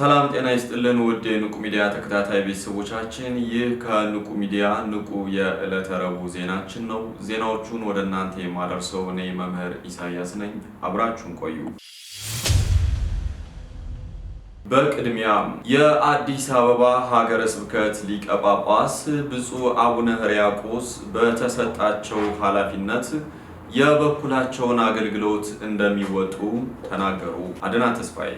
ሰላም ጤና ይስጥልን ውድ የንቁ ሚዲያ ተከታታይ ቤተሰቦቻችን፣ ይህ ከንቁ ሚዲያ ንቁ የዕለተ ረቡዕ ዜናችን ነው። ዜናዎቹን ወደ እናንተ የማደርሰው እኔ መምህር ኢሳያስ ነኝ። አብራችሁን ቆዩ። በቅድሚያም የአዲስ አበባ ሀገረ ስብከት ሊቀ ጳጳስ ብፁዕ አቡነ ሕርያቆስ በተሰጣቸው ኃላፊነት የበኩላቸውን አገልግሎት እንደሚወጡ ተናገሩ። አድና ተስፋዬ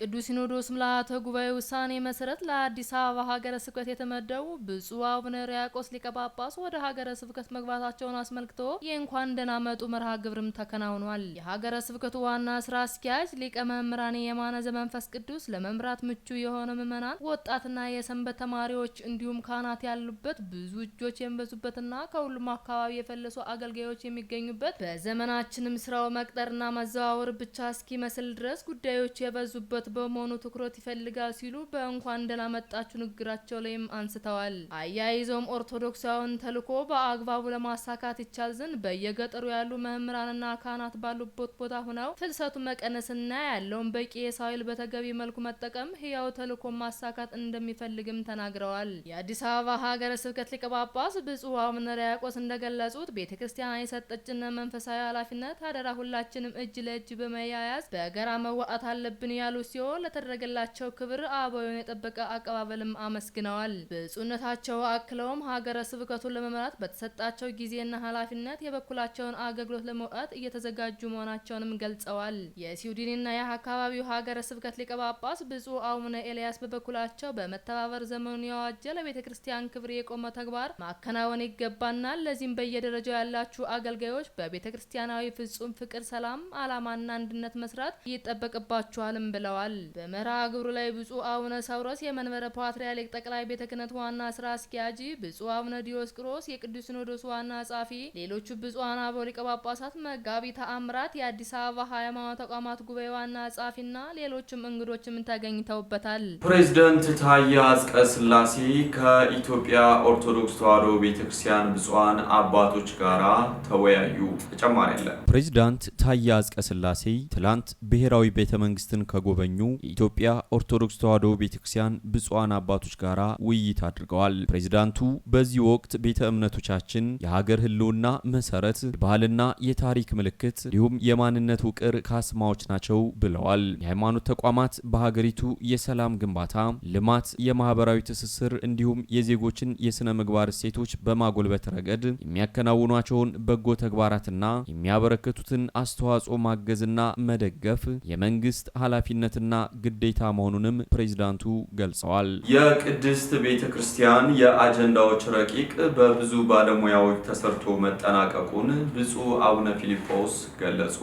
በቅዱስ ሲኖዶስ ምልዓተ ጉባኤ ውሳኔ መሰረት ለአዲስ አበባ ሀገረ ስብከት የተመደቡ ብፁዕ አቡነ ሪያቆስ ሊቀ ጳጳስ ወደ ሀገረ ስብከት መግባታቸውን አስመልክቶ የእንኳን ደህና መጡ መርሃ ግብርም ተከናውኗል። የሀገረ ስብከቱ ዋና ስራ አስኪያጅ ሊቀ መምህራን የማነ ዘመንፈስ ቅዱስ ለመምራት ምቹ የሆነ ምዕመናን፣ ወጣትና የሰንበት ተማሪዎች እንዲሁም ካህናት ያሉበት ብዙ እጆች የሚበዙበትና ከሁሉም አካባቢ የፈለሱ አገልጋዮች የሚገኙበት በዘመናችንም ስራው መቅጠርና መዘዋወር ብቻ እስኪመስል ድረስ ጉዳዮች የበዙበት ትኩረት በመሆኑ ትኩረት ይፈልጋል ሲሉ በእንኳን ደህና መጣችሁ ንግግራቸው ላይም አንስተዋል። አያይዘውም ኦርቶዶክሳዊን ተልእኮ በአግባቡ ለማሳካት ይቻል ዘንድ በየገጠሩ ያሉ መምህራንና ካህናት ባሉበት ቦታ ሆነው ፍልሰቱ መቀነስና ያለውን በቂ የሳይል በተገቢ መልኩ መጠቀም ህያው ተልእኮ ማሳካት እንደሚፈልግም ተናግረዋል። የአዲስ አበባ ሀገረ ስብከት ሊቀ ጳጳስ ብፁዕ አቡነ ሕርያቆስ እንደገለጹት ቤተ ክርስቲያን የሰጠችን መንፈሳዊ ኃላፊነት አደራ ሁላችንም እጅ ለእጅ በመያያዝ በጋራ መዋጣት አለብን ያሉ ሲሆን ለተደረገላቸው ክብር አበባውን የጠበቀ አቀባበልም አመስግነዋል። ብፁዕነታቸው አክለውም ሀገረ ስብከቱን ለመምራት በተሰጣቸው ጊዜና ኃላፊነት የበኩላቸውን አገልግሎት ለመውጣት እየተዘጋጁ መሆናቸውንም ገልጸዋል። የስዊድንና የአካባቢው ሀገረ ስብከት ሊቀ ጳጳስ ብፁዕ አቡነ ኤልያስ በበኩላቸው በመተባበር ዘመኑን የዋጀ ለቤተ ክርስቲያን ክብር የቆመ ተግባር ማከናወን ይገባናል። ለዚህም በየደረጃው ያላችሁ አገልጋዮች በቤተ ክርስቲያናዊ ፍጹም ፍቅር፣ ሰላም፣ አላማና አንድነት መስራት ይጠበቅባችኋልም ብለዋል። ተገልጿል። በመርሃ ግብሩ ላይ ብፁዕ አቡነ ሳዊሮስ የመንበረ ፓትርያርክ ጠቅላይ ቤተ ክህነት ዋና ስራ አስኪያጅ፣ ብፁዕ አቡነ ዲዮስቆሮስ የቅዱስ ሲኖዶስ ዋና ጸሐፊ፣ ሌሎቹ ብፁዓን አበው ሊቀ ጳጳሳት፣ መጋቢ ተአምራት፣ የአዲስ አበባ ሃይማኖት ተቋማት ጉባኤ ዋና ጸሐፊና ሌሎችም እንግዶችም ተገኝተውበታል። ፕሬዝደንት ታዬ አጽቀሥላሴ ከኢትዮጵያ ኦርቶዶክስ ተዋሕዶ ቤተክርስቲያን ብፁዓን አባቶች ጋር ተወያዩ። ተጨማሪ አለ። ፕሬዝዳንት ታዬ አጽቀሥላሴ ትላንት ብሔራዊ ቤተ መንግስትን ከጎበኙ ከሚገኙ የኢትዮጵያ ኦርቶዶክስ ተዋሕዶ ቤተክርስቲያን ብፁዓን አባቶች ጋራ ውይይት አድርገዋል። ፕሬዚዳንቱ በዚህ ወቅት ቤተ እምነቶቻችን የሀገር ህልውና መሰረት፣ የባህልና የታሪክ ምልክት እንዲሁም የማንነት ውቅር ካስማዎች ናቸው ብለዋል። የሃይማኖት ተቋማት በሀገሪቱ የሰላም ግንባታ፣ ልማት፣ የማህበራዊ ትስስር እንዲሁም የዜጎችን የስነ ምግባር እሴቶች በማጎልበት ረገድ የሚያከናውኗቸውን በጎ ተግባራትና የሚያበረክቱትን አስተዋጽኦ ማገዝና መደገፍ የመንግስት ኃላፊነትና መብትና ግዴታ መሆኑንም ፕሬዚዳንቱ ገልጸዋል። የቅድስት ቤተ ክርስቲያን የአጀንዳዎች ረቂቅ በብዙ ባለሙያዎች ተሰርቶ መጠናቀቁን ብፁዕ አቡነ ፊልጶስ ገለጹ።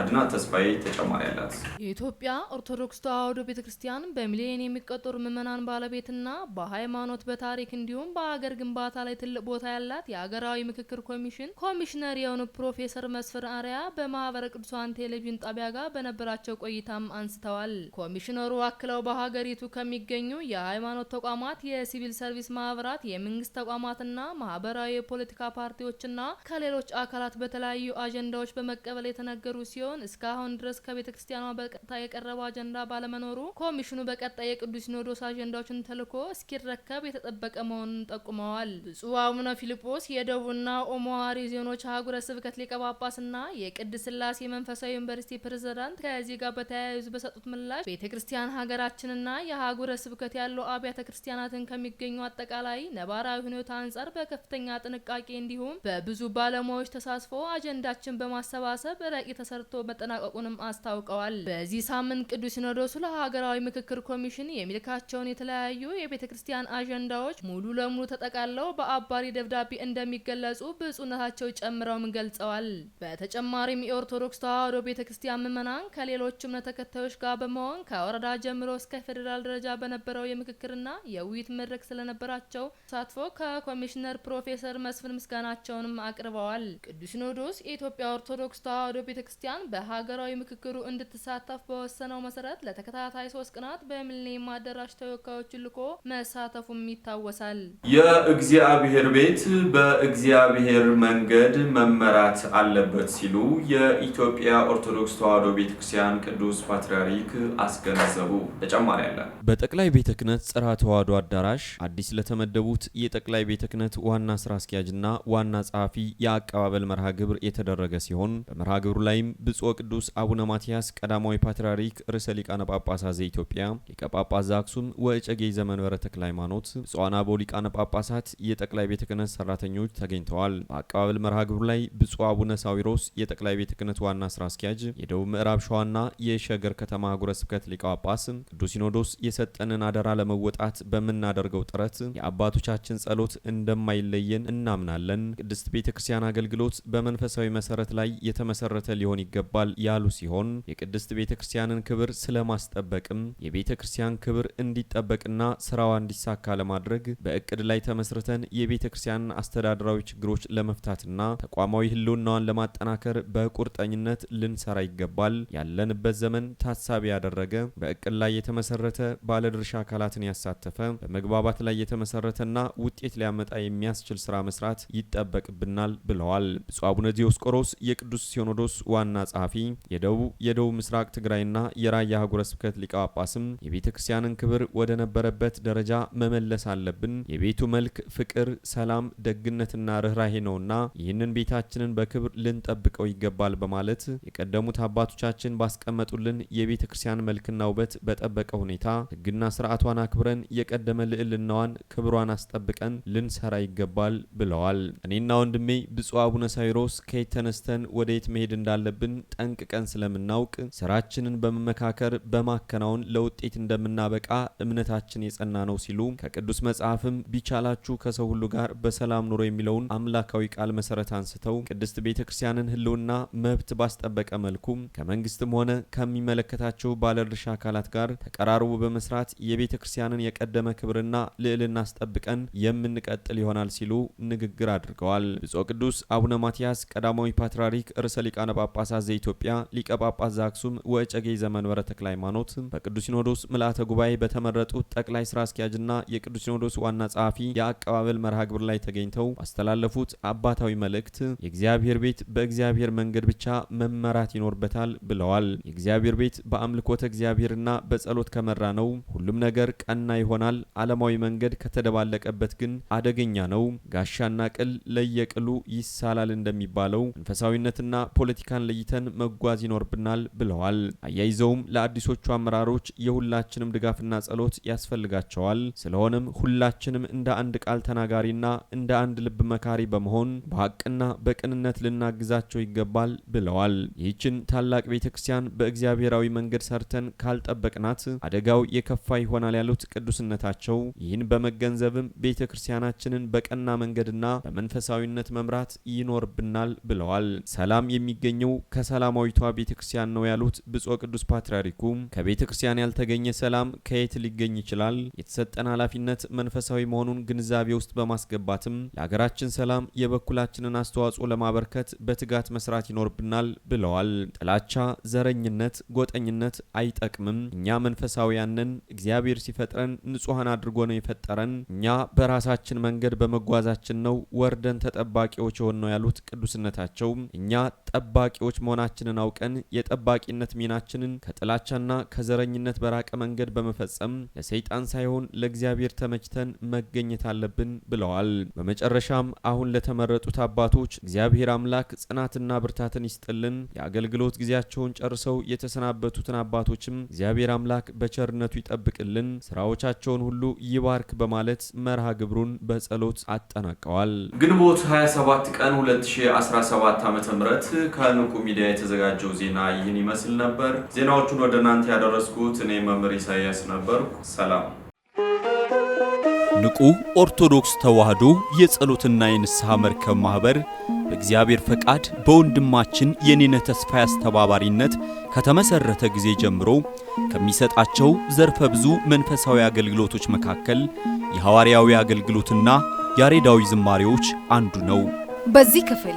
አድና ተስፋዬ ተጨማሪ አላት። የኢትዮጵያ ኦርቶዶክስ ተዋሕዶ ቤተ ክርስቲያን በሚሊዮን የሚቆጠሩ ምዕመናን ባለቤትና በሃይማኖት በታሪክ እንዲሁም በሀገር ግንባታ ላይ ትልቅ ቦታ ያላት የሀገራዊ ምክክር ኮሚሽን ኮሚሽነር የሆኑ ፕሮፌሰር መስፍን አሪያ በማህበረ ቅዱሳን ቴሌቪዥን ጣቢያ ጋር በነበራቸው ቆይታም አንስተዋል። ኮሚሽነሩ አክለው በሀገሪቱ ከሚገኙ የሃይማኖት ተቋማት፣ የሲቪል ሰርቪስ ማህበራት፣ የመንግስት ተቋማትና ማህበራዊ የፖለቲካ ፓርቲዎችና ከሌሎች አካላት በተለያዩ አጀንዳዎች በመቀበል የተነገሩ ሲሆን ሲሆን እስካሁን ድረስ ከቤተ ክርስቲያኗ በቀጥታ የቀረበው አጀንዳ ባለመኖሩ ኮሚሽኑ በቀጣይ የቅዱስ ሲኖዶስ አጀንዳዎችን ተልኮ እስኪረከብ የተጠበቀ መሆኑን ጠቁመዋል። ብፁዕ አቡነ ፊልጶስ የደቡብና ኦሞ ዜኖች ዞኖች አህጉረ ስብከት ሊቀ ጳጳስና የቅድስት ሥላሴ መንፈሳዊ ዩኒቨርሲቲ ፕሬዝዳንት ከዚህ ጋር በተያያዙ በሰጡት ምላሽ ቤተ ክርስቲያን ሀገራችንና የአህጉረ ስብከት ያለው አብያተ ክርስቲያናትን ከሚገኙ አጠቃላይ ነባራዊ ሁኔታ አንጻር በከፍተኛ ጥንቃቄ እንዲሁም በብዙ ባለሙያዎች ተሳትፎ አጀንዳችን በማሰባሰብ ረቂቅ ተሰርቶ ተሳክቶ መጠናቀቁንም አስታውቀዋል። በዚህ ሳምንት ቅዱስ ሲኖዶሱ ለሀገራዊ ምክክር ኮሚሽን የሚልካቸውን የተለያዩ የቤተ ክርስቲያን አጀንዳዎች ሙሉ ለሙሉ ተጠቃለው በአባሪ ደብዳቤ እንደሚገለጹ ብፁዕነታቸው ጨምረውም ገልጸዋል። በተጨማሪም የኦርቶዶክስ ተዋህዶ ቤተ ክርስቲያን ምዕመናን ከሌሎች እምነት ተከታዮች ጋር በመሆን ከወረዳ ጀምሮ እስከ ፌዴራል ደረጃ በነበረው የምክክርና የውይይት መድረክ ስለነበራቸው ተሳትፎ ከኮሚሽነር ፕሮፌሰር መስፍን ምስጋናቸውንም አቅርበዋል። ቅዱስ ሲኖዶስ የኢትዮጵያ ኦርቶዶክስ ተዋህዶ ቤተ ክርስቲያን ኢትዮጵያም በሀገራዊ ምክክሩ እንድትሳተፍ በወሰነው መሰረት ለተከታታይ ሶስት ቀናት በሚሊኒየም አዳራሽ ተወካዮችን ልኮ መሳተፉም ይታወሳል። የእግዚአብሔር ቤት በእግዚአብሔር መንገድ መመራት አለበት ሲሉ የኢትዮጵያ ኦርቶዶክስ ተዋሕዶ ቤተክርስቲያን ቅዱስ ፓትርያርክ አስገነዘቡ። ተጨማሪ ያለ በጠቅላይ ቤተ ክህነት ጽርሐ ተዋሕዶ አዳራሽ አዲስ ለተመደቡት የጠቅላይ ቤተ ክህነት ዋና ስራ አስኪያጅና ዋና ጸሐፊ የአቀባበል መርሃ ግብር የተደረገ ሲሆን በመርሃ ግብሩ ላይም ብፁዕ ቅዱስ አቡነ ማትያስ ቀዳማዊ ፓትርያርክ ርዕሰ ሊቃነ ጳጳሳት ዘኢትዮጵያ ሊቀ ጳጳስ ዘአክሱም ወእጨጌ ዘመንበረ ተክለ ሃይማኖት፣ ብፁዓን አበው ሊቃነ ጳጳሳት፣ የጠቅላይ ቤተ ክህነት ሰራተኞች ተገኝተዋል። በአቀባበል መርሃ ግብሩ ላይ ብፁዕ አቡነ ሳዊሮስ የጠቅላይ ቤተ ክህነት ዋና ስራ አስኪያጅ፣ የደቡብ ምዕራብ ሸዋና የሸገር ከተማ አህጉረ ስብከት ሊቀ ጳጳስ፣ ቅዱስ ሲኖዶስ የሰጠንን አደራ ለመወጣት በምናደርገው ጥረት የአባቶቻችን ጸሎት እንደማይለየን እናምናለን። ቅድስት ቤተ ክርስቲያን አገልግሎት በመንፈሳዊ መሰረት ላይ የተመሰረተ ሊሆን ይገባል ይገባል ያሉ ሲሆን የቅድስት ቤተ ክርስቲያንን ክብር ስለማስጠበቅም የቤተ ክርስቲያን ክብር እንዲጠበቅና ስራዋ እንዲሳካ ለማድረግ በእቅድ ላይ ተመስርተን የቤተ ክርስቲያንን አስተዳደራዊ ችግሮች ለመፍታትና ተቋማዊ ህልውናዋን ለማጠናከር በቁርጠኝነት ልንሰራ ይገባል። ያለንበት ዘመን ታሳቢ ያደረገ በእቅድ ላይ የተመሰረተ ባለድርሻ አካላትን ያሳተፈ በመግባባት ላይ የተመሰረተና ውጤት ሊያመጣ የሚያስችል ስራ መስራት ይጠበቅብናል ብለዋል። ብፁዕ አቡነ ዲዮስቆሮስ የቅዱስ ሲኖዶስ ዋና ጸሐፊ፣ የደቡብ የደቡብ ምስራቅ ትግራይና የራያ ሀገረ ስብከት ሊቀ ጳጳስም የቤተ ክርስቲያንን ክብር ወደ ነበረበት ደረጃ መመለስ አለብን። የቤቱ መልክ ፍቅር፣ ሰላም፣ ደግነትና ርኅራሄ ነውና ይህንን ቤታችንን በክብር ልንጠብቀው ይገባል በማለት የቀደሙት አባቶቻችን ባስቀመጡልን የቤተ ክርስቲያን መልክና ውበት በጠበቀ ሁኔታ ሕግና ስርዓቷን አክብረን የቀደመ ልዕልናዋን ክብሯን አስጠብቀን ልንሰራ ይገባል ብለዋል። እኔና ወንድሜ ብፁዕ አቡነ ሳይሮስ ከየት ተነስተን ወደ የት መሄድ እንዳለብን ጠንቅቀን ስለምናውቅ ስራችንን በመመካከር በማከናወን ለውጤት እንደምናበቃ እምነታችን የጸና ነው ሲሉ ከቅዱስ መጽሐፍም ቢቻላችሁ ከሰው ሁሉ ጋር በሰላም ኑሮ የሚለውን አምላካዊ ቃል መሰረት አንስተው ቅድስት ቤተ ክርስቲያንን ህልውና መብት ባስጠበቀ መልኩ ከመንግስትም ሆነ ከሚመለከታቸው ባለድርሻ አካላት ጋር ተቀራርቦ በመስራት የቤተ ክርስቲያንን የቀደመ ክብርና ልዕልና አስጠብቀን የምንቀጥል ይሆናል ሲሉ ንግግር አድርገዋል። ብፁዕ ቅዱስ አቡነ ማትያስ ቀዳማዊ ፓትርያርክ ርዕሰ ሊቃነ ጳጳሳት ዘኢትዮጵያ ሊቀ ጳጳስ ዘአክሱም ወጨጌ ዘመንበረ ተክለ ሃይማኖት በቅዱስ ሲኖዶስ ምልአተ ጉባኤ በተመረጡት ጠቅላይ ስራ አስኪያጅና የቅዱስ ሲኖዶስ ዋና ጸሐፊ የአቀባበል መርሃ ግብር ላይ ተገኝተው ባስተላለፉት አባታዊ መልእክት የእግዚአብሔር ቤት በእግዚአብሔር መንገድ ብቻ መመራት ይኖርበታል ብለዋል። የእግዚአብሔር ቤት በአምልኮተ እግዚአብሔርና በጸሎት ከመራ ነው ሁሉም ነገር ቀና ይሆናል። ዓለማዊ መንገድ ከተደባለቀበት ግን አደገኛ ነው። ጋሻና ቅል ለየቅሉ ይሳላል እንደሚባለው መንፈሳዊነትና ፖለቲካን ለይተ ተግተን መጓዝ ይኖርብናል ብለዋል። አያይዘውም ለአዲሶቹ አመራሮች የሁላችንም ድጋፍና ጸሎት ያስፈልጋቸዋል። ስለሆነም ሁላችንም እንደ አንድ ቃል ተናጋሪና እንደ አንድ ልብ መካሪ በመሆን በሀቅና በቅንነት ልናግዛቸው ይገባል ብለዋል። ይህችን ታላቅ ቤተ ክርስቲያን በእግዚአብሔራዊ መንገድ ሰርተን ካልጠበቅናት አደጋው የከፋ ይሆናል ያሉት ቅዱስነታቸው ይህን በመገንዘብም ቤተ ክርስቲያናችንን በቀና መንገድና በመንፈሳዊነት መምራት ይኖርብናል ብለዋል። ሰላም የሚገኘው ከ ከሰላማዊቷ ቤተ ክርስቲያን ነው ያሉት ብፁዕ ቅዱስ ፓትርያርኩ ከቤተ ክርስቲያን ያልተገኘ ሰላም ከየት ሊገኝ ይችላል? የተሰጠን ኃላፊነት መንፈሳዊ መሆኑን ግንዛቤ ውስጥ በማስገባትም ለሀገራችን ሰላም የበኩላችንን አስተዋጽኦ ለማበርከት በትጋት መስራት ይኖርብናል ብለዋል። ጥላቻ፣ ዘረኝነት፣ ጎጠኝነት አይጠቅምም። እኛ መንፈሳውያንን እግዚአብሔር ሲፈጥረን ንጹሐን አድርጎ ነው የፈጠረን። እኛ በራሳችን መንገድ በመጓዛችን ነው ወርደን ተጠባቂዎች የሆን ነው ያሉት ቅዱስነታቸው እኛ ጠባቂዎች መሆ መሆናችንን አውቀን የጠባቂነት ሚናችንን ከጥላቻና ከዘረኝነት በራቀ መንገድ በመፈጸም ለሰይጣን ሳይሆን ለእግዚአብሔር ተመችተን መገኘት አለብን ብለዋል። በመጨረሻም አሁን ለተመረጡት አባቶች እግዚአብሔር አምላክ ጽናትና ብርታትን ይስጥልን። የአገልግሎት ጊዜያቸውን ጨርሰው የተሰናበቱትን አባቶችም እግዚአብሔር አምላክ በቸርነቱ ይጠብቅልን፣ ስራዎቻቸውን ሁሉ ይባርክ በማለት መርሃ ግብሩን በጸሎት አጠናቀዋል። ግንቦት 27 ቀን 2017 ዓ.ም ከንቁ ሚዲያ ሚዲያ የተዘጋጀው ዜና ይህን ይመስል ነበር። ዜናዎቹን ወደ እናንተ ያደረስኩት እኔ መምህር ኢሳያስ ነበርኩ። ሰላም። ንቁ ኦርቶዶክስ ተዋህዶ የጸሎትና የንስሐ መርከብ ማኅበር በእግዚአብሔር ፈቃድ በወንድማችን የኔነ ተስፋ አስተባባሪነት ከተመሠረተ ጊዜ ጀምሮ ከሚሰጣቸው ዘርፈ ብዙ መንፈሳዊ አገልግሎቶች መካከል የሐዋርያዊ አገልግሎትና ያሬዳዊ ዝማሬዎች አንዱ ነው። በዚህ ክፍል